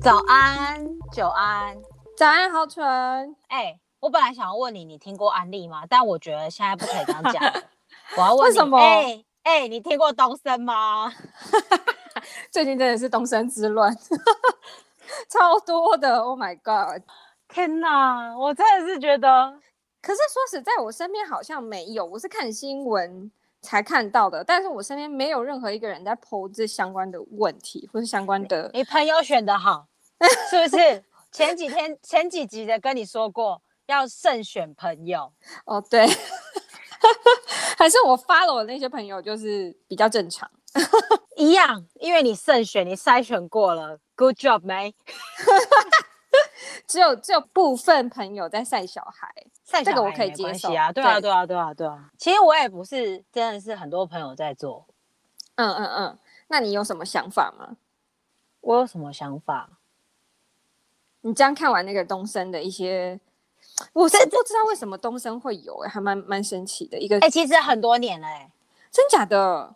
早安，久安，早安，好蠢，哎，我本來想要問你，你聽過安利嗎？但我覺得現在不可以這樣講。 我要問你，為什麼？哎、欸欸、你聽過東森嗎？ 最近真的是東森之亂， 超多的。Oh my god！天哪，我真的是覺得。可是說實在，我身邊好像沒有。我是看新聞才看到的，但是我身邊沒有任何一個人在 PO 這相關的問題，或是相關的。你，你朋友選的好。 是不是前幾天前幾集的跟你說過要慎選朋友哦？對， 還是我 follow 的那些朋友就是比較正常， 一樣，因為你慎選，你篩選過了，good job，沒 只有只有部分朋友在曬小孩，曬小孩，這個我可以接受啊。對啊，對啊，對啊，對啊。對啊對啊其實我也不是真的是很多朋友在做。嗯嗯嗯，那你有什麼想法嗎？我有什麼想法？你這樣看完那個東森的一些，我是不知道為什麼東森會有哎、欸，還蠻蠻神奇的。一個哎、欸，其實很多年了哎、欸，真假的，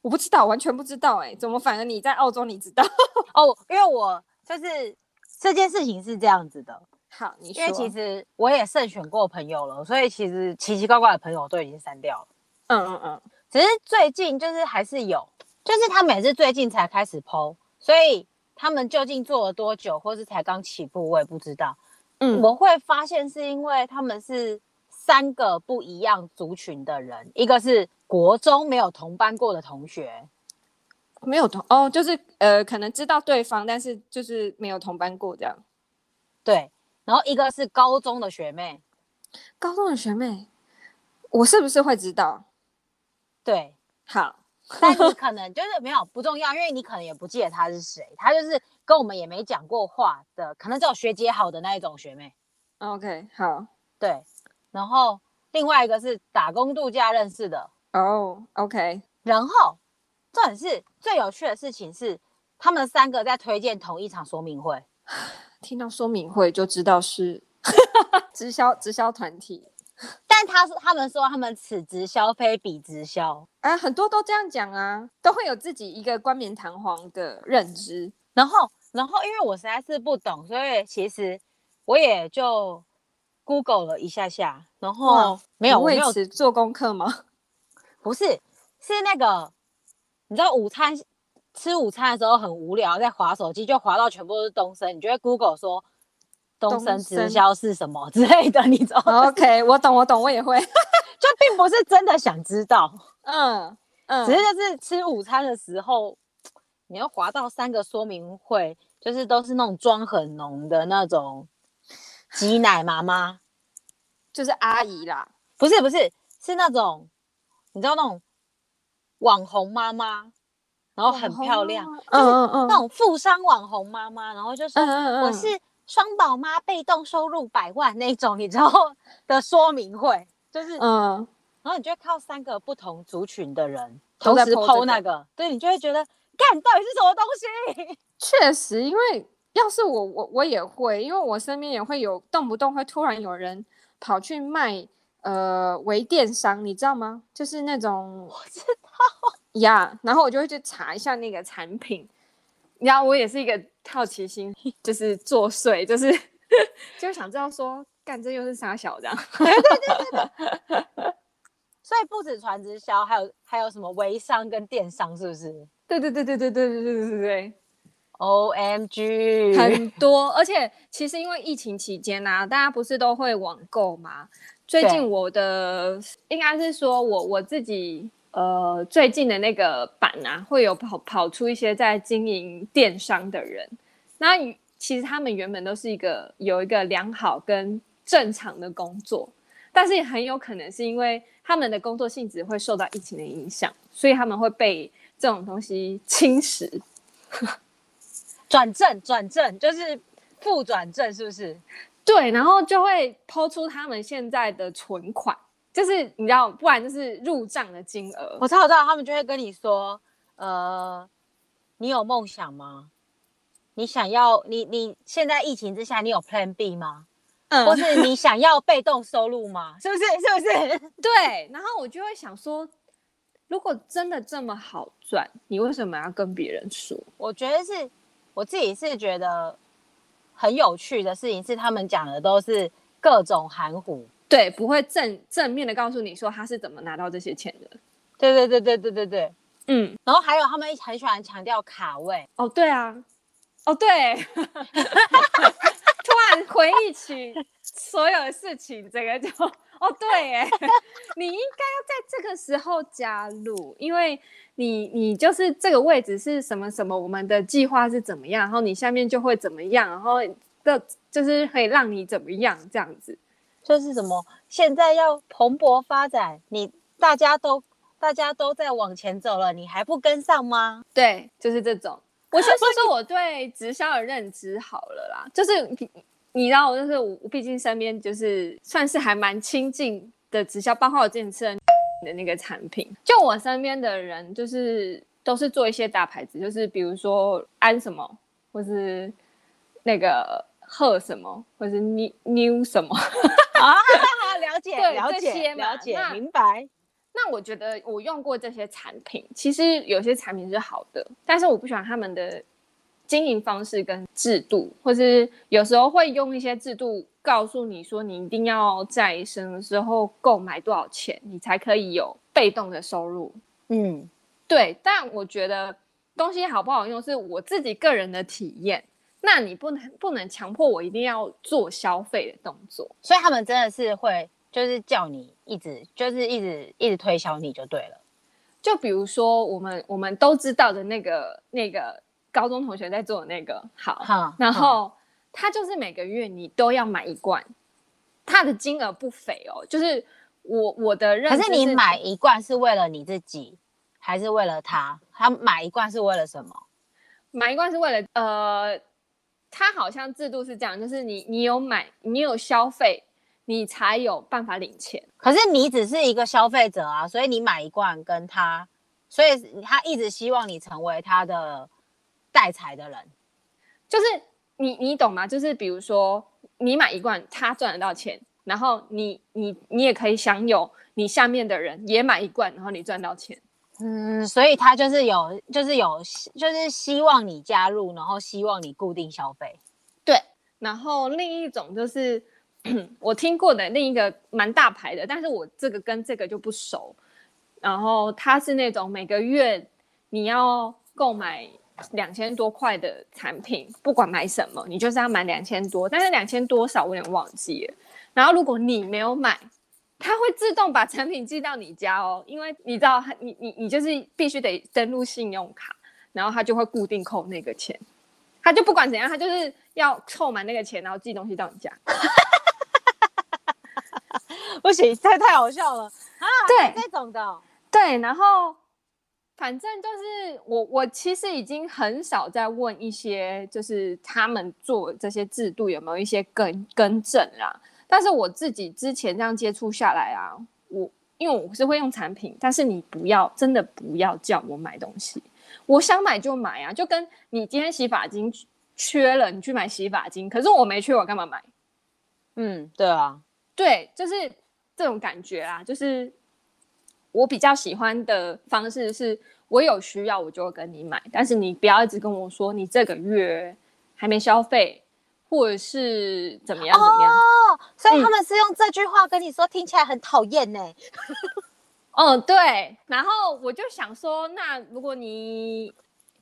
我不知道，完全不知道哎、欸。怎麼反而你在澳洲你知道？ 哦，因為我就是這件事情是這樣子的。好，你說。因為其實我也慎選過朋友了，所以其實奇奇怪怪的朋友我都已經刪掉了。嗯嗯嗯。只是最近就是還是有，就是他每次最近才開始 po，所以。他們究竟做了多久，或是才剛起步，我也不知道。嗯，我會發現是因為他們是三個不一樣族群的人，一個是國中沒有同班過的同學，沒有同哦，就是呃，可能知道對方，但是就是沒有同班過這樣。對，然後一個是高中的學妹，高中的學妹，我是不是會知道？對，好。 但是可能就是沒有不重要，因為你可能也不記得他是誰，他就是跟我們也沒講過話的，可能只有學姐好的那一種學妹。OK，好，對。然後另外一個是打工度假認識的哦。Oh, OK，然後，重點是最有趣的事情是，他們三個在推薦同一場說明會。聽到說明會就知道是 直銷，直銷團體。但他是他們說他們此直銷非彼直銷，嗯、呃，很多都這樣講啊，都會有自己一個冠冕堂皇的認知、嗯。然後，然後因為我實在是不懂，所以其實我也就 Google 了一下下，然後沒有，你哇有為做功課嗎？不是，是那個，你知道午餐吃午餐的時候很無聊，在滑手機就滑到全部都是東森，你就會 Google 說。東森直銷是什麼之類的？升你懂？OK，我懂，我懂，我也會。 就並不是真的想知道，嗯 嗯，嗯，只是就是吃午餐的時候，你要滑到三個說明會，就是都是那種妝很濃的那種擠奶媽媽， 就是阿姨啦，不是不是，是那種你知道那種網紅媽媽，然後很漂亮，就是、啊、嗯，嗯，嗯，那種富商網紅媽媽，然後就是嗯嗯嗯我是。雙寶媽被動收入百萬那種，你知道的說明會，就是嗯，呃、然後你就會靠三個不同族群的人同時 po 那個，那個、對你就會覺得，幹到底是什麼東西。確實，因為要是我我我也會，因為我身邊也會有動不動會突然有人跑去賣呃微電商，你知道嗎？就是那種我知道呀，yeah, 然後我就會去查一下那個產品。你知道我也是一個好奇心，就是作祟，就是 就是想知道說，幹這又是啥小的。 對，對對對對。所以不止傳直銷，還有還有什麼微商跟電商，是不是？對對對對對對對對對對對。OMG，很多，而且其實因為疫情期間吶、啊，大家不是都會網購嘛。最近我的對應該是說我我自己。呃，最近的那個版啊，會有跑跑出一些在經營電商的人。那其實他們原本都是一個有一個良好跟正常的工作，但是也很有可能是因為他們的工作性質會受到疫情的影響，所以他們會被這種東西侵蝕。 轉正，轉正就是副轉正，是不是？對，然後就會 PO 出他們現在的存款。就是你知道，不然就是入賬的金額。我知道，我知道，他們就會跟你說，呃，你有夢想嗎？你想要你你現在疫情之下，你有 Plan B 嗎？嗯，或是你想要被動收入嗎？ 是不是？是不是？ 對。然後我就會想說，如果真的這麼好賺，你為什麼要跟別人說？我覺得是，我自己是覺得很有趣的事情是，他們講的都是各種含糊。對，不會正正面的告訴你說他是怎麼拿到這些錢的。對對對對對對對，嗯，然後還有他們很喜歡強調卡位。哦，對啊，哦對， 突然回憶起所有的事情， 整個就，哦對， 你應該要在這個時候加入，因為你你就是這個位置是什麼什麼，我們的計劃是怎麼樣，然後你下面就會怎麼樣，然後這就，就是可以讓你怎麼樣這樣子。就是什麼？現在要蓬勃發展，你大家都大家都在往前走了，你還不跟上嗎？對，就是這種。我先說說我對直銷的認知好了啦，啊、就是、就是你知道，就是我畢竟身邊就是算是還蠻親近的直銷，包括我最近吃的那個產品，就我身邊的人就是都是做一些大牌子，就是比如說安什麼，或是那個賀什麼，或是妞妞什麼。 啊、哦，了解，對了解，了解，那明白。那我覺得我用過這些產品，其實有些產品是好的，但是我不喜歡他們的經營方式跟制度，或是有時候會用一些制度告訴你說，你一定要在什麼時候購買多少錢，你才可以有被動的收入。嗯，對。但我覺得東西好不好用是我自己個人的體驗。那你不能不能強迫我一定要做消費的動作，所以他們真的是會就是叫你一直就是一直一直推銷你就對了，就比如說我們我們都知道的那個那個高中同學在做的那個，好，嗯、然後他就是每個月你都要買一罐，嗯、他的金額不菲哦，就是我我的認識是，可是你買一罐是為了你自己，還是為了他？他買一罐是為了什麼？買一罐是為了呃。他好像制度是這樣，就是你你有買，你有消費，你才有辦法領錢。可是你只是一個消費者啊，所以你買一罐跟他，所以他一直希望你成為他的代財的人。就是你你懂嗎？就是比如說你買一罐，他賺得到錢，然後你你你也可以享有，你下面的人也買一罐，然後你賺到錢。嗯，所以他就是有，就是有，就是希望你加入，然後希望你固定消費。對，然後另一種就是我聽過的另一個蠻大牌的，但是我這個跟這個就不熟。然後他是那種每個月你要購買兩千多塊的產品，不管買什麼，你就是要買兩千多，但是兩千多少我有點忘記了。然後如果你沒有買。他會自動把產品寄到你家哦，因為你知道，你你你就是必須得登錄信用卡，然後他就會固定扣那個錢，他就不管怎樣，他就是要湊滿那個錢，然後寄東西到你家。不行，太太好笑了 啊！對這種的、哦，對，然後反正就是我我其實已經很少在問一些，就是他們做這些制度有沒有一些更更正啦。但是我自己之前這樣接觸下來啊，我因為我是會用產品，但是你不要真的不要叫我買東西，我想買就買啊，就跟你今天洗髮精缺了，你去買洗髮精，可是我沒缺，我幹嘛買？嗯，對啊，對，就是這種感覺啊，就是我比較喜歡的方式是我有需要我就會跟你買，但是你不要一直跟我說你這個月還沒消費，或者是怎麼樣怎麼樣。Oh! 哦、所以他們是用這句話跟你說，嗯、聽起來很討厭呢。哦、嗯，對。然後我就想說，那如果你，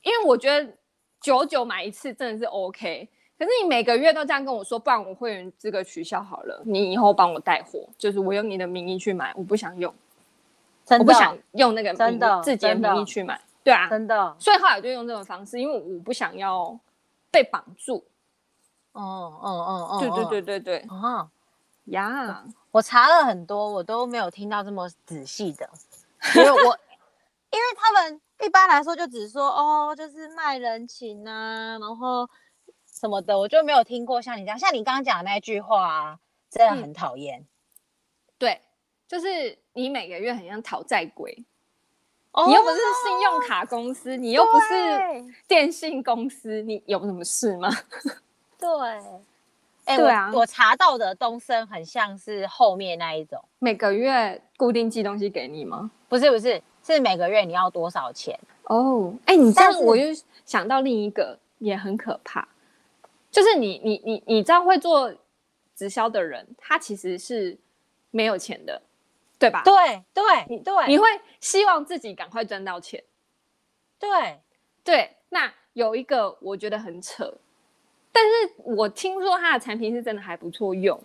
因為我覺得久久買一次真的是 OK，可是你每個月都這樣跟我說，不然我會員資格取消好了。你以後幫我帶貨，就是我用你的名義去買，我不想用，真的我不想用那個真的自己的名義去買，的對啊，真的。所以後來我就用這種方式，因為我不想要被綁住。哦哦哦哦，oh, oh, oh, oh. 對對對對對哦，呀！Oh, Yeah. 我查了很多，我都沒有聽到這麼仔細的，因為我 因為他們一般來說就只說哦，就是賣人情啊，然後什麼的，我就沒有聽過像你這樣，像你剛剛講的那句話，啊，真的很討厭。對，就是你每個月很像討債鬼，oh, 你又不是信用卡公司，你又不是電信公司，對你有什麼事嗎？對，哎、欸，對啊我。我查到的東森很像是後面那一種，每個月固定寄東西給你嗎？不是不是，是每個月你要多少錢哦？哎、欸，你這樣我就想到另一個也很可怕，就是你你你你這樣會做直銷的人，他其實是沒有錢的，對吧？對對對，對你，對你會希望自己趕快賺到錢，對對。那有一個我覺得很扯。但是我聽說它的產品是真的還不錯用，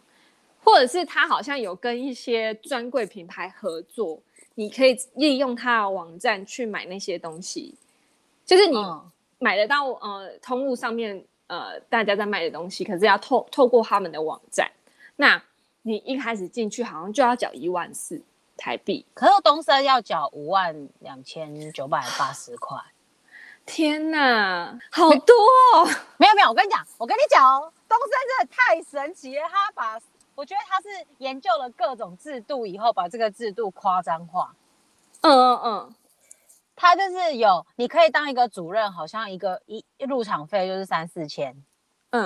或者是它好像有跟一些專櫃品牌合作，你可以利用它的網站去買那些東西，就是你買得到，哦、呃通路上面呃大家在賣的東西，可是要透透過他們的網站。那你一開始進去好像就要繳一萬四台幣，可是東森要繳五萬兩千九百八十塊，天哪，好多哦！沒有沒有，我跟你講，我跟你講哦，東森真的太神奇了。他把我覺得他是研究了各種制度以後，把這個制度誇張化。嗯嗯嗯，嗯他就是有你可以當一個主任，好像一個一,一入場費就是三四千，嗯，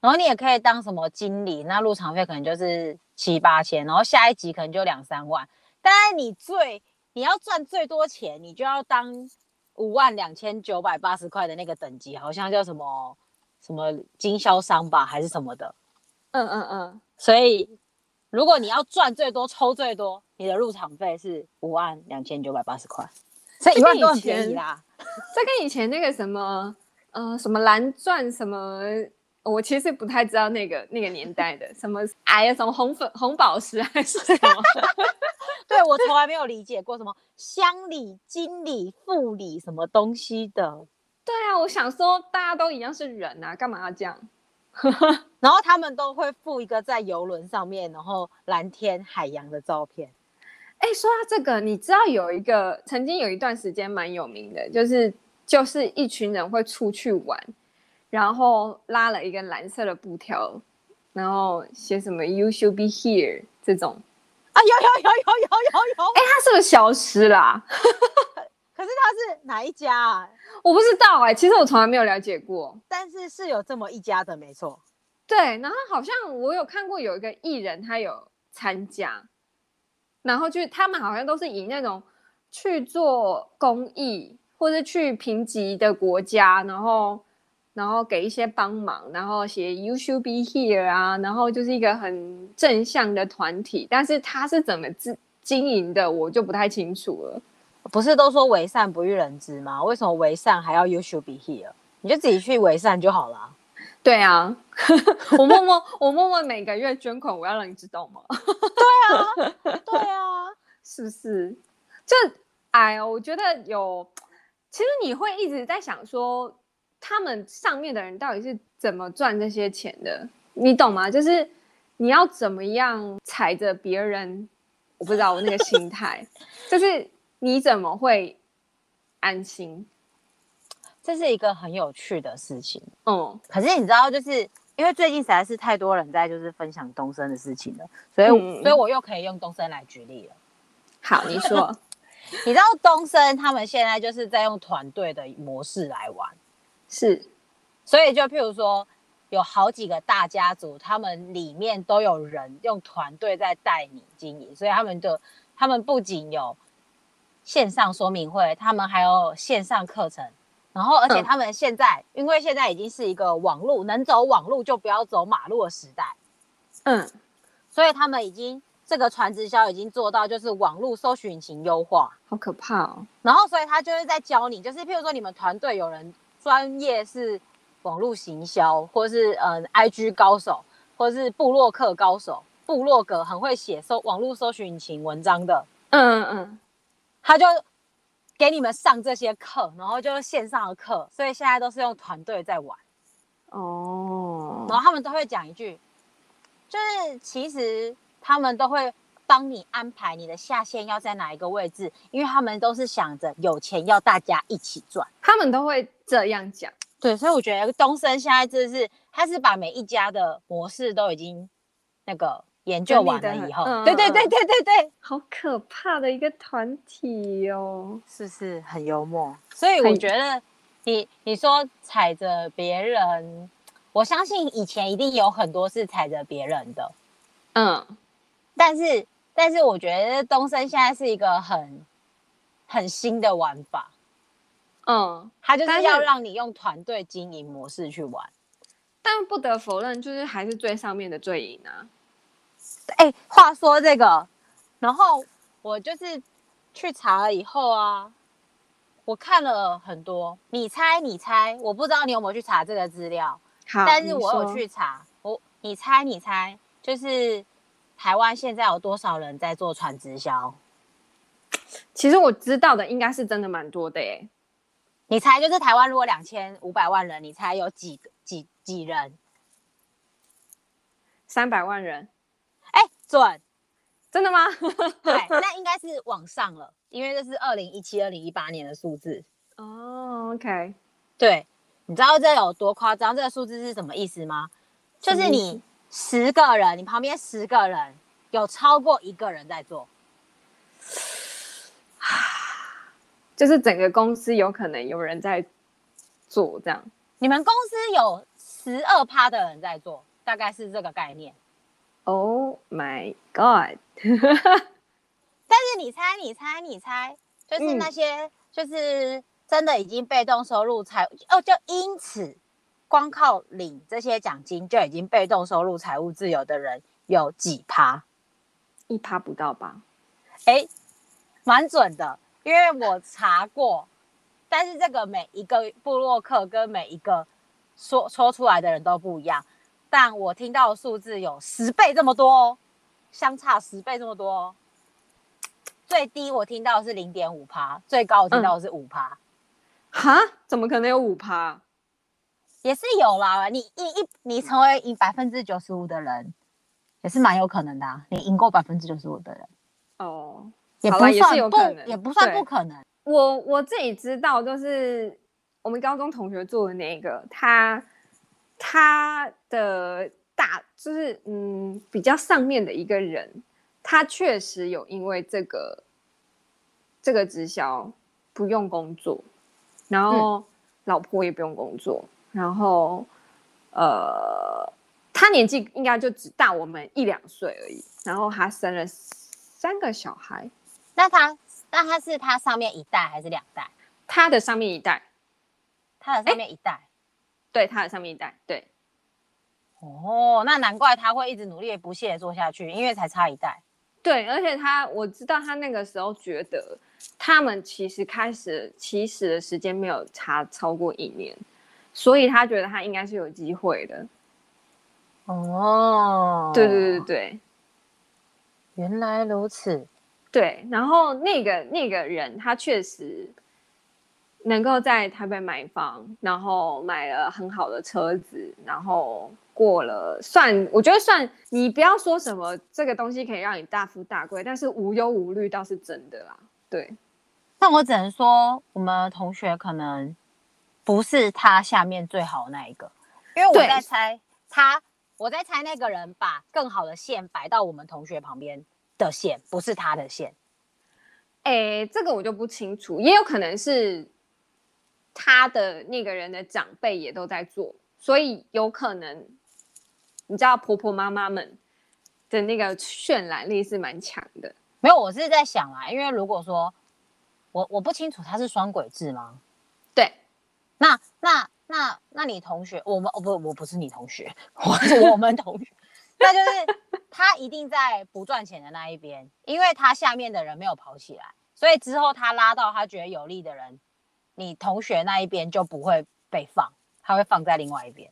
然後你也可以當什麼經理，那入場費可能就是七八千，然後下一級可能就兩三萬。但是你最你要賺最多錢，你就要當五萬兩千九百八十塊的那個等級，好像叫什麼？什麼經銷商吧，還是什麼的？嗯嗯嗯。嗯嗯所以，如果你要賺最多、抽最多，你的入場費是五萬兩千九百八十塊。這一萬多很便宜啦。前這跟以前那個什麼，嗯、 呃，什麼藍鑽什麼，我其實不太知道那個那個年代的 什麼哎、啊、什麼紅粉紅寶石還是什麼。 對，我從來沒有理解過什麼襄理經理、副理什麼東西的。對啊，我想說大家都一樣是人啊，幹嘛要這樣？ 然後他們都會附一個在遊輪上面，然後藍天海洋的照片。哎，說到這個，你知道有一個曾經有一段時間蠻有名的，就是就是一群人會出去玩，然後拉了一個藍色的布條，然後寫什麼 "You should be here" 這種。啊，有有有有有有有！哎，他是不是消失了啊？ 可是他是哪一家啊？我不知道哎、欸，其實我從來沒有了解過，但是是有這麼一家的，沒錯。對，然後好像我有看過有一個藝人他有參加，然後就他們好像都是以那種去做公益，或者去貧瘠的國家，然後然後給一些幫忙，然後寫 “You should be here” 啊，然後就是一個很正向的團體，但是他是怎麼自經營的，我就不太清楚了。不是都說為善不欲人知嗎？為什麼為善還要 You should be here？你就自己去為善就好了啊。對啊， 我默默摸， 我默默每個月捐款，我要讓你知道嗎？ 對啊， 對啊， 是不是？就哎呦，我覺得有，其實你會一直在想說，他們上面的人到底是怎麼賺這些錢的，你懂嗎？就是你要怎麼樣踩着別人，我不知道我那個心態， 就是。你怎麼會安心？這是一個很有趣的事情。嗯，可是你知道，就是因為最近實在是太多人在就是分享東森的事情了，所以、嗯，所以我又可以用東森來舉例了。好，你說， 你知道東森他們現在就是在用團隊的模式來玩，是，所以就譬如說，有好幾個大家族，他們裡面都有人用團隊在帶你經營，所以他們就，他們不僅有。線上說明會，他們還有線上課程，然後而且他們現在，嗯、因為現在已經是一個網路，能走網路就不要走馬路的時代，嗯，所以他們已經這個傳直銷已經做到就是網路搜尋引擎優化，好可怕哦。然後所以他就是在教你，就是譬如說你們團隊有人專業是網路行銷，或是嗯 IG 高手，或者是部落客高手，部落格很會寫搜網路搜尋引擎文章的，嗯嗯。他就給你們上這些課，然後就是線上的課，所以現在都是用團隊在玩。哦，oh. 然後他們都會講一句，就是其實他們都會幫你安排你的下線要在哪一個位置，因為他們都是想着有錢要大家一起賺，他們都會這樣講。對，所以我覺得東森現在就是，他是把每一家的模式都已經那個。研究完了以後，嗯、對對對對對對，好可怕的一個團體喲、哦！是是很幽默？以所以我覺得你你說踩着別人，我相信以前一定有很多是踩着別人的，嗯，但。但是但是，我覺得東森現在是一個很很新的玩法，嗯，他就是要讓你用團隊經營模式去玩。但，但不得否認，就是還是最上面的最贏啊。哎、欸，話說這個，然後我就是去查了以後啊，我看了很多。你猜，你猜，我不知道你有沒有去查這個資料。好，但是我有去查。你說，我，你猜，你猜，就是台灣現在有多少人在做傳直銷？其實我知道的應該是真的蠻多的誒、欸。你猜，就是台灣如果兩千五百萬人，你猜有幾幾幾人？三百萬人。賺，準真的嗎？ 對，那應該是往上了，因為這是二零一七、二零一八年的數字。哦、oh，OK，對，你知道這有多誇張？這個數字是什麼意思嗎？思就是你十個人，你旁邊十個人有超過一個人在做，啊，就是整個公司有可能有人在做這樣。你們公司有十二趴的人在做，大概是這個概念。Oh my god！ 但是你猜，你猜，你猜，就是那些，嗯、就是真的已經被動收入財哦，就因此光靠領這些獎金就已經被動收入財務自由的人有幾趴？一趴不到吧？誒，蠻準的，因為我查過。嗯、但是這個每一個部落客跟每一個說說出來的人都不一樣。但我聽到的數字有十倍這麼多，相差十倍這麼多。最低我聽到的是零點五趴，最高我聽到的是五趴。嗯。哈？怎麼可能有五趴？也是有啦，你一一你成為贏百分之九十五的人，也是蠻有可能的啊。你贏過百分之九十五的人，哦，也不算不，也是有可能也不算不可能。我我自己知道，就是我們高中同學做的那個，他。他的大，就是嗯比較上面的一個人，他確實有因為這個這個直銷不用工作，然後老婆也不用工作，然後、嗯、呃他年紀應該就只大我們一兩歲而已，然後他生了三個小孩，那他，那他是他上面一代還是兩代？他的上面一代，他的上面一代。欸？對他的上面一代，對，哦，那難怪他會一直努力不懈的做下去，因為才差一代。對，而且他我知道他那個時候覺得他們其實開始起始的時間沒有差超過一年，所以他覺得他應該是有機會的。哦，對對對對對，原來如此。對，然後那個那個人他確實。能夠在台北買房，然後買了很好的車子，然後過了算，我覺得算你不要說什麼這個東西可以讓你大富大貴，但是無憂無慮倒是真的啦。對，但我只能說我們同學可能不是他下面最好的那一個，因為我在猜對他，我在猜那個人把更好的線擺到我們同學旁邊的線不是他的線。哎、欸，這個我就不清楚，也有可能是。他的那個人的長輩也都在做，所以有可能，你知道婆婆媽媽們的那個渲染力，是蠻強的。沒有，我是在想啊，因為如果說我，我不清楚他是雙軌制嗎？對，那那那那你同學我們哦不，我不是你同學，我是 我們同學， 那就是他一定在不賺錢的那一邊， 因為他下面的人沒有跑起來，所以之後他拉到他覺得有利的人。你同學那一邊就不會被放，他會放在另外一邊。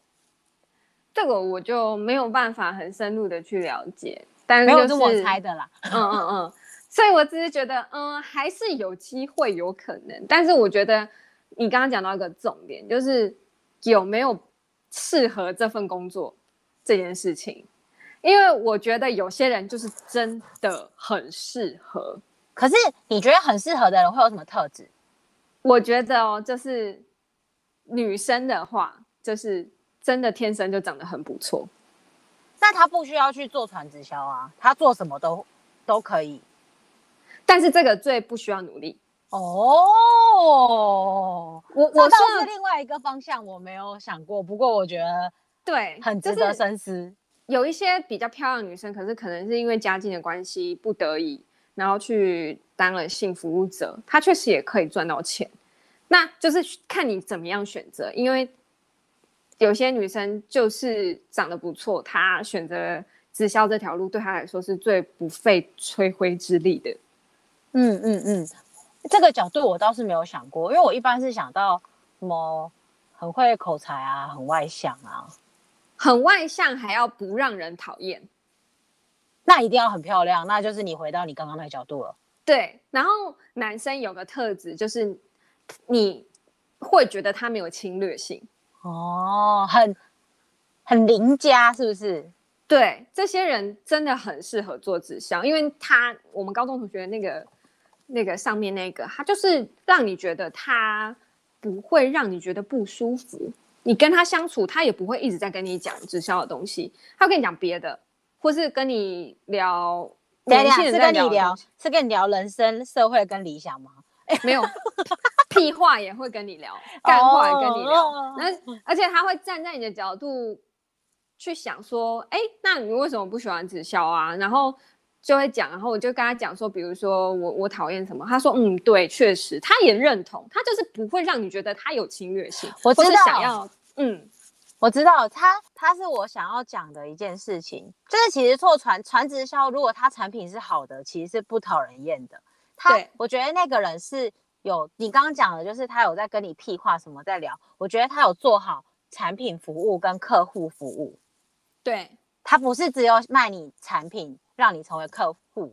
這個我就沒有辦法很深入的去了解，但是就是,是我猜的啦。 嗯嗯嗯，所以我只是覺得，嗯，還是有機會有可能。但是我覺得你剛剛講到一個重點，就是有沒有適合這份工作這件事情。因為我覺得有些人就是真的很適合，可是你覺得很適合的人會有什麼特質？我覺得哦，就是女生的話，就是真的天生就長得很不錯。那她不需要去做傳直銷啊，她做什麼都都可以。但是這個最不需要努力哦。我我是倒是另外一個方向，我沒有想過。不過我覺得對，很值得深思。就是，有一些比較漂亮的女生，可是可能是因為家境的關係，不得已。然後去當了性服務者，他確實也可以賺到錢，那就是看你怎麼樣選擇。因為有些女生就是長得不錯，她選擇直銷這條路對她來說是最不費吹灰之力的。嗯嗯嗯，這個角度我倒是沒有想過，因為我一般是想到什麼很會口才啊，很外向啊，很外向還要不讓人討厭。那一定要很漂亮，那就是你回到你剛剛那個角度了。對，然後男生有個特質就是，你會覺得他沒有侵略性哦，很很鄰家，是不是？對，這些人真的很適合做直銷，因為他我們高中同學那個那個上面那個，他就是讓你覺得他不會讓你覺得不舒服，你跟他相處，他也不會一直在跟你講直銷的東西，他會跟你講別的。或是跟你聊，等一下是跟你聊，情是跟你聊人生、社會跟理想嗎？哎，沒有， 屁話也會跟你聊， 幹話也跟你聊。那、oh, 而且他會站在你的角度去想，說，哎， 那你為什麼不喜歡直銷啊？然後就會講，然後我就跟他講說，比如說我我討厭什麼，他說，嗯，對，確實，他也認同，他就是不會讓你覺得他有侵略性，我或是想要，嗯。我知道他，他是我想要講的一件事情，就是其實做傳傳直銷，如果他產品是好的，其實是不討人厭的。他對，我覺得那個人是有你剛剛講的，就是他有在跟你屁話什麼在聊。我覺得他有做好產品服務跟客戶服務，對他不是只有賣你產品，讓你成為客戶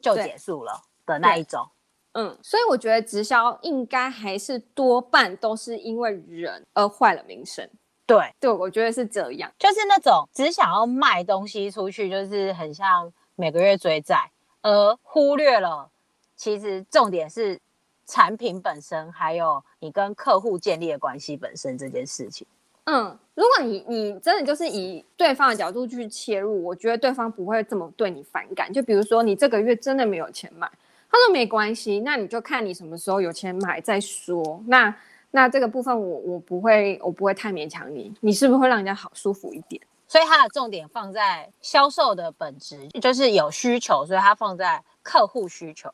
就結束了的那一種。嗯，所以我覺得直銷應該還是多半都是因為人而壞了名聲。對對，我覺得是這樣，就是那種只想要賣東西出去，就是很像每個月追債，而忽略了其實重點是產品本身，還有你跟客戶建立的關係本身這件事情。嗯，如果你你真的就是以對方的角度去切入，我覺得對方不會這麼對你反感。就比如說你這個月真的沒有錢買，他說沒關係，那你就看你什麼時候有錢買再說。那。那這個部分我我不會，我不會太勉強你，你是不是會讓人家好舒服一點？所以它的重點放在銷售的本質，就是有需求，所以它放在客戶需求，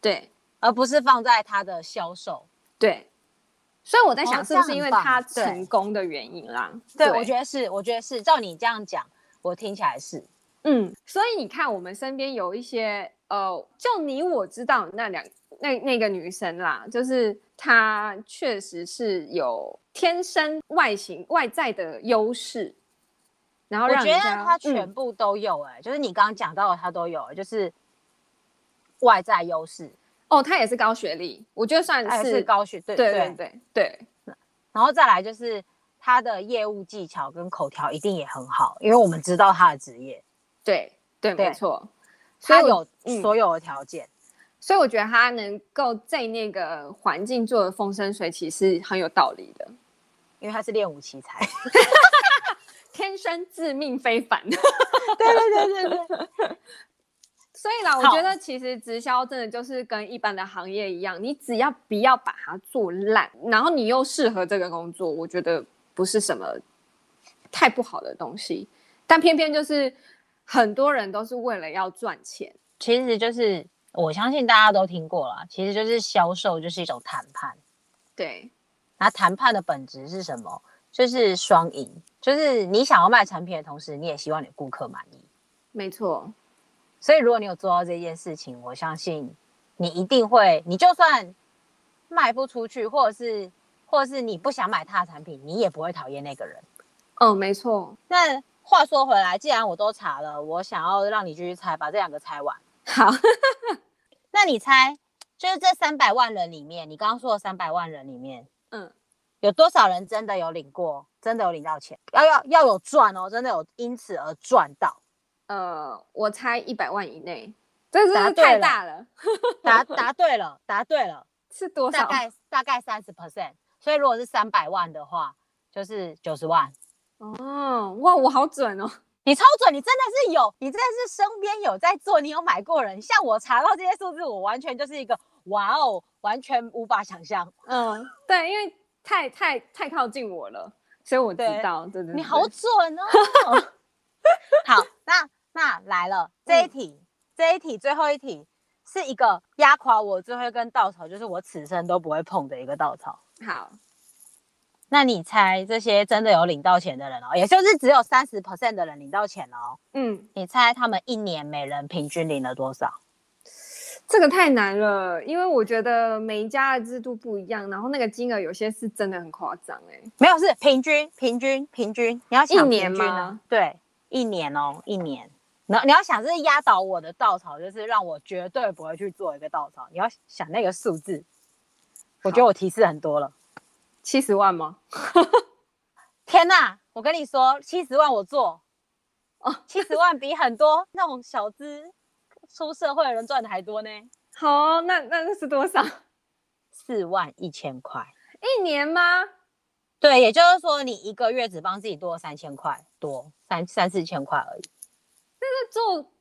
對，而不是放在它的銷售，對。所以我在想，是不是因為他成功的原因啦。哦、對，對對對我覺得是，我覺得是。照你這樣講，我聽起來是，嗯。所以你看，我們身邊有一些，呃，就你我知道那兩。那那個女生啦，就是她確實是有天生外形外在的優勢，然後讓我覺得她全部都有哎、欸，嗯、就是你剛剛講到的她都有，就是外在優勢哦，她也是高學歷，我覺得算是她是高學，對對對對對，然後再來就是她的業務技巧跟口條一定也很好，因為我們知道她的職業，對對沒錯，對她有所有的條件。嗯所以我覺得他能夠在那個環境做的風生水起是很有道理的，因為他是練武奇才， 天生自命非凡。 對對對對對、對。 所以啦，我覺得其實直銷真的就是跟一般的行業一樣，你只要不要把它做爛，然後你又適合這個工作，我覺得不是什麼太不好的東西。但偏偏就是很多人都是為了要賺錢，其實就是。我相信大家都聽過了，其實就是銷售就是一種談判，對。那談判的本質是什麼？就是雙贏，就是你想要賣產品的同時，你也希望你的顧客滿意。沒錯。所以如果你有做到這件事情，我相信你一定會，你就算賣不出去，或者是，或者是你不想買他的產品，你也不會討厭那個人。哦，沒錯。那話說回來，既然我都查了，我想要讓你繼續猜，把這兩個猜完。好， 那你猜，就是這三百萬人裡面，你剛剛說的三百萬人裡面，嗯，有多少人真的有領過，真的有領到錢？要要要有賺哦，真的有因此而賺到？呃，我猜一百萬以內。這真的太大了。答對了。答答對了，答對了。 是多少？大概大概三十 percent，所以如果是三百萬的話，就是九十萬。哦，哇，我好準哦。.你超準，你真的是有，你真的是身邊有在做，你有買過人。像我查到這些數字，我完全就是一個哇哦，完全無法想象。嗯，對，因為太太太靠近我了，所以我知道。對對，對對。你好準哦。 哦。好，那那來了這一題，嗯、這一題最後一題是一個壓垮我最後一根稻草，就是我此生都不會碰的一個稻草。好。那你猜這些真的有領到錢的人哦、喔，也就是只有三十 percent 的人領到錢哦、喔。嗯，你猜他們一年每人平均領了多少？這個太難了，因為我覺得每一家的制度不一樣，然後那個金額有些是真的很誇張哎。沒有，是平均、平均、平均。你要想一年嗎？對，一年哦、喔，一年。然後你要想，是壓倒我的稻草，就是讓我絕對不會去做一個稻草。你要想那個數字，好我覺得我提示很多了。七十萬嗎？ 天哪！我跟你說，七十萬我做哦，七十萬比很多 那種小資出社會的人賺的還多呢。好、哦，那那是多少？四萬一千塊一年嗎？對，也就是說你一個月只幫自己多三千塊，多三三四千塊而已。這個做，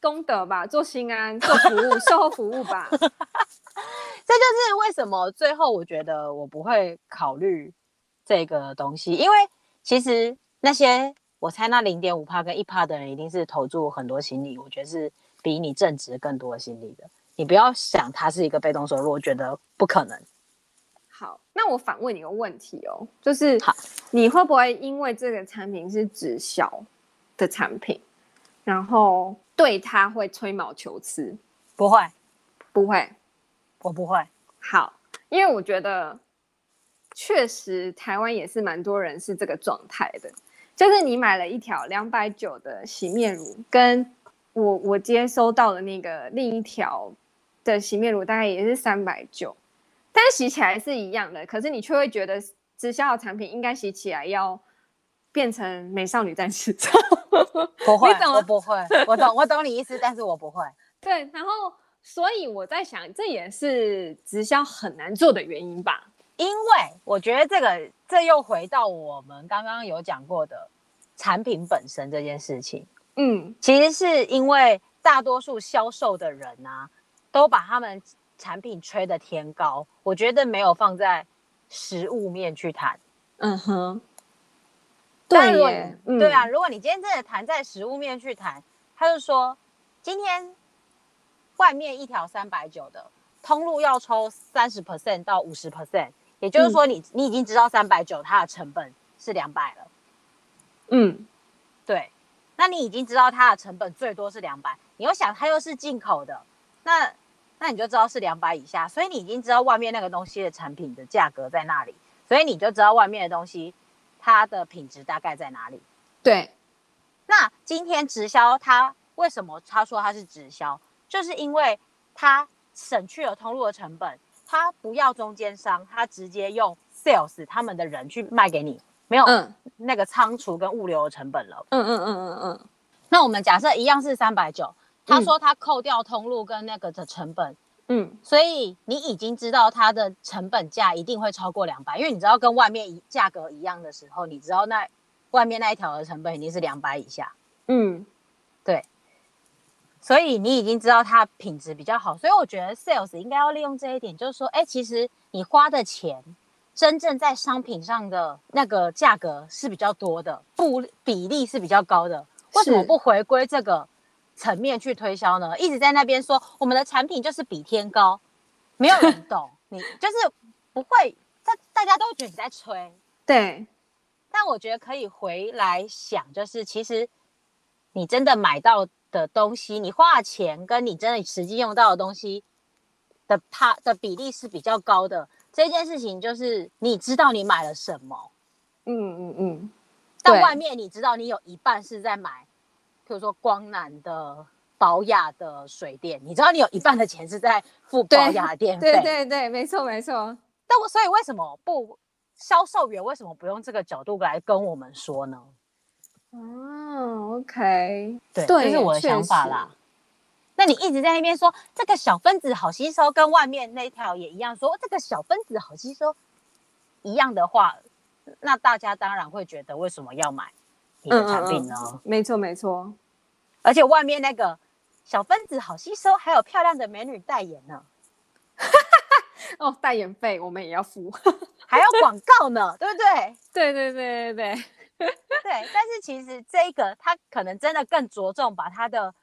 功德吧，做心安，做服務，售後服務吧。 這就是為什麼最後我覺得我不會考慮這個東西，因為其實那些，我猜那零點五趴跟一趴的人一定是投注很多心力，我覺得是比你正職更多心力的。你不要想它是一個被動收入，我覺得不可能。好，那我反問你一個問題哦，就是你會不會因為這個產品是直銷的產品，然後？對他會吹毛求疵，不會，不會，我不會。好，因為我覺得確實台灣也是蠻多人是這個狀態的。就是你買了一條兩百九的洗面乳，跟我，我接收到的那個另一條的洗面乳，大概也是三百九，但洗起來是一樣的。可是你卻會覺得直銷的產品應該洗起來要。變成美少女戰士，不會， 嗎我不會，我懂，我懂你意思， 但是我不會。對，然後，所以我在想，這也是直銷很難做的原因吧？因為我覺得這個，這又回到我們剛剛有講過的產品本身這件事情。嗯，其實是因為大多數銷售的人啊，都把他們產品吹得天高，我覺得沒有放在實務面去談。嗯哼。如果對，嗯、對啊，如果你今天真的談在食物面去談，他就說，今天外面一條三百九的通路要抽三十 percent 到五十 percent，也就是說你，你、嗯、你已經知道三百九它的成本是兩百了，嗯，對，那你已經知道它的成本最多是兩百，你又想它又是進口的，那那你就知道是兩百以下，所以你已經知道外面那個東西的產品的價格在那裡，所以你就知道外面的東西。它的品質大概在哪裡？對，那今天直銷他為什麼他說他是直銷，就是因為他省去了通路的成本，他不要中間商，他直接用 sales 他們的人去賣給你，沒有那個倉儲跟物流的成本了。嗯嗯嗯嗯嗯。嗯嗯嗯嗯，那我們假設一樣是三百九，他說他扣掉通路跟那個的成本。嗯嗯，所以你已經知道它的成本價一定會超過兩百，因為你知道跟外面一價格一樣的時候，你知道那外面那一條的成本一定是兩百以下。嗯，對，所以你已經知道它品質比較好，所以我覺得 sales 應該要利用這一點，就是說，哎，其實你花的錢真正在商品上的那個價格是比較多的，不，比例是比較高的，是為什麼不回歸這個？層面去推銷呢？一直在那邊說我們的產品就是比天高，沒有人懂 你，就是不會，大大家都覺得你在吹，對。但我覺得可以回來想，就是其實你真的買到的東西，你花了錢跟你真的實際用到的東西的它的比例是比較高的。這件事情就是你知道你買了什麼，嗯嗯嗯，到外面你知道你有一半是在買，比如說光南的、寶雅的水電，你知道你有一半的錢是在付寶雅的電費。對對對，沒錯沒錯。但我所以為什麼不銷售員為什麼不用這個角度來跟我們說呢？哦，OK，對，對這是我的想法啦。那你一直在那邊說這個小分子好吸收，跟外面那條也一樣說，說這個小分子好吸收一樣的話，那大家當然會覺得為什麼要買？嗯，嗯，嗯，沒錯沒錯，而且外面那個小分子好吸收，還有漂亮的美女代言呢、啊。 哦，代言費我們也要付， 還要廣告呢， 對不對？對對對對對對。 對，但是其實這個它可能真的更着重把它的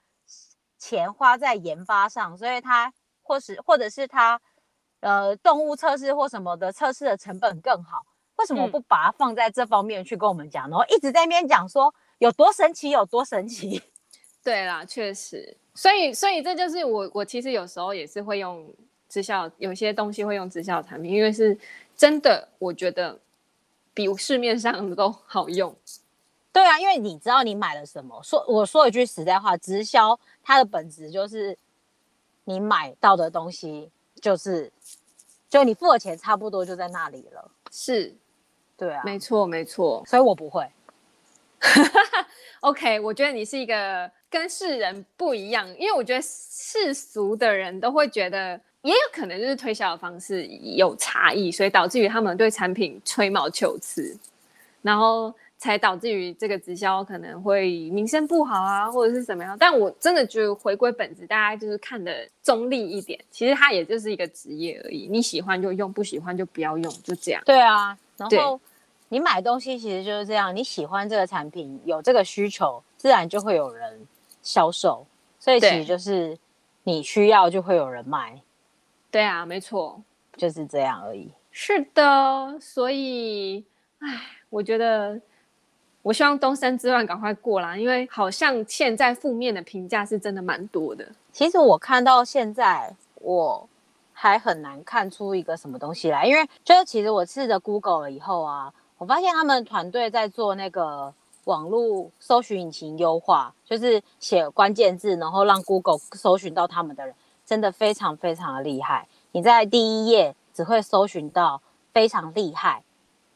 錢花在研發上，所以它或是或者是它呃動物測試或什麼的測試的成本更好。為什麼不把它放在這方面去跟我們講？嗯，然後一直在那邊講說有多神奇，有多神奇。對啦，確實。所以，所以這就是我我其實有時候也是會用直銷，有些東西會用直銷產品，因為是真的，我覺得比市面上都好用。對啊，因為你知道你買了什麼。說我說一句實在話，直銷它的本質就是你買到的東西就是，就你付的錢差不多就在那裡了。是。對啊，沒錯沒錯，所以我不會。 OK，我覺得你是一個跟世人不一樣，因為我覺得世俗的人都會覺得，也有可能就是推銷的方式有差異，所以導致於他們對產品吹毛求疵，然後才導致於這個直銷可能會名聲不好啊，或者是什麼樣。但我真的覺得回歸本質，大家就是看的中立一點，其實它也就是一個職業而已，你喜歡就用，不喜歡就不要用，就這樣。對啊。然後你買東西其實就是這樣，對你喜歡這個產品，有這個需求，自然就會有人銷售。所以其實就是你需要就會有人賣。對啊，沒錯，就是這樣而已。是的，所以唉，我覺得我希望東森之亂趕快過來，因為好像現在負面的評價是真的蠻多的。其實我看到現在我。還很難看出一個什麼東西來，因為就是其實我試着 Google 了以後啊，我發現他們團隊在做那個網絡搜尋引擎優化，就是寫關鍵字，然後讓 Google 搜尋到他們的人，真的非常非常的厲害。你在第一頁只會搜尋到非常厲害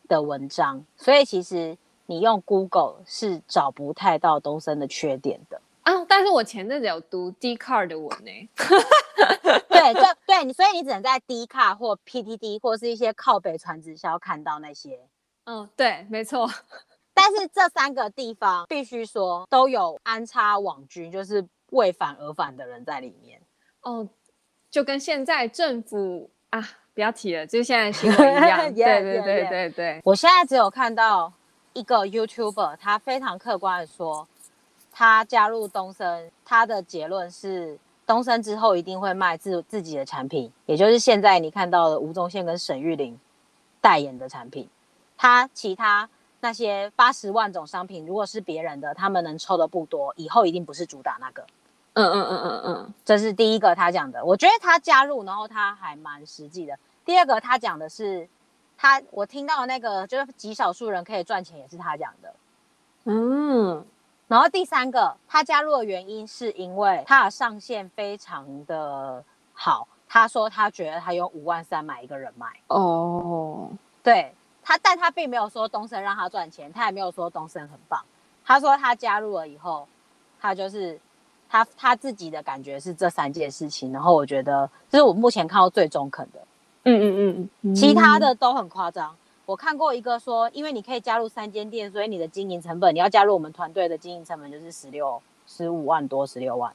的文章，所以其實你用 Google 是找不太到東森的缺點的。哦、但是我前陣子有讀 D 卡的文呢，欸， 對，就對你，所以你只能在 D 卡或 PTT 或是一些靠北傳直銷需要看到那些。嗯，對，沒錯。 但是這三個地方必須說都有安插網軍，就是為反而反的人在裡面。哦，就跟現在政府啊，不要提了，就是現在行為一樣。對、 yeah, yeah, yeah. 對對對對，我現在只有看到一個 YouTuber，他非常客觀的說。他加入東森，他的結論是東森之後一定會賣自自己的產品，也就是現在你看到的吳宗憲跟沈玉琳代言的產品。他其他那些八十萬種商品，如果是別人的，他們能抽的不多，以後一定不是主打那個。嗯嗯嗯嗯嗯，這是第一個他講的。我覺得他加入，然後他還蠻實際的。第二個他講的是，他我聽到的那個就是極少數人可以賺錢，也是他講的。嗯。然後第三個，他加入的原因是因為他的上線非常的好。他說他覺得他用五萬三買一個人脈。哦、oh.，對他，但他並沒有說東森讓他賺錢，他也沒有說東森很棒。他說他加入了以後，他就是他他自己的感覺是這三件事情。然後我覺得這是我目前看到最中肯的。嗯嗯嗯嗯，嗯嗯其他的都很誇張。我看過一個說，因為你可以加入三間店，所以你的經營成本，你要加入我們團隊的經營成本就是十六十五萬多，十六萬，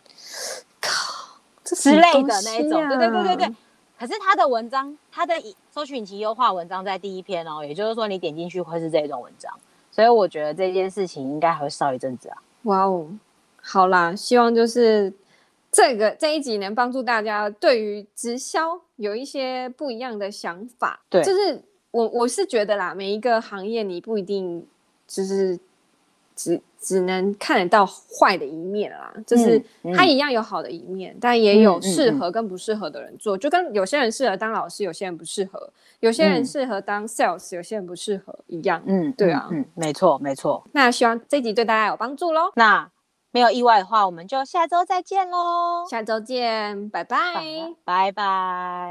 靠這之類的那一種，對、啊、對對對對。可是他的文章，他的搜尋引擎優化文章在第一篇哦，也就是說你點進去會是這一種文章，所以我覺得這件事情應該還會燒一陣子啊。哇哦，好啦，希望就是這個這一集能幫助大家對於直銷有一些不一樣的想法，對，就是。我我是覺得啦，每一個行業你不一定就是只只能看得到壞的一面啦，就是它一樣有好的一面，嗯嗯、但也有適合跟不適合的人做，嗯嗯嗯、就跟有些人適合當老師，有些人不適合；有些人適合當、嗯、當、嗯、sales，有些人不適合一樣。啊、嗯，對啊、嗯，嗯，沒錯，沒錯。那希望這一集對大家有幫助嘍。那沒有意外的話，我們就下週再見嘍。下週見，拜拜，拜拜。拜拜。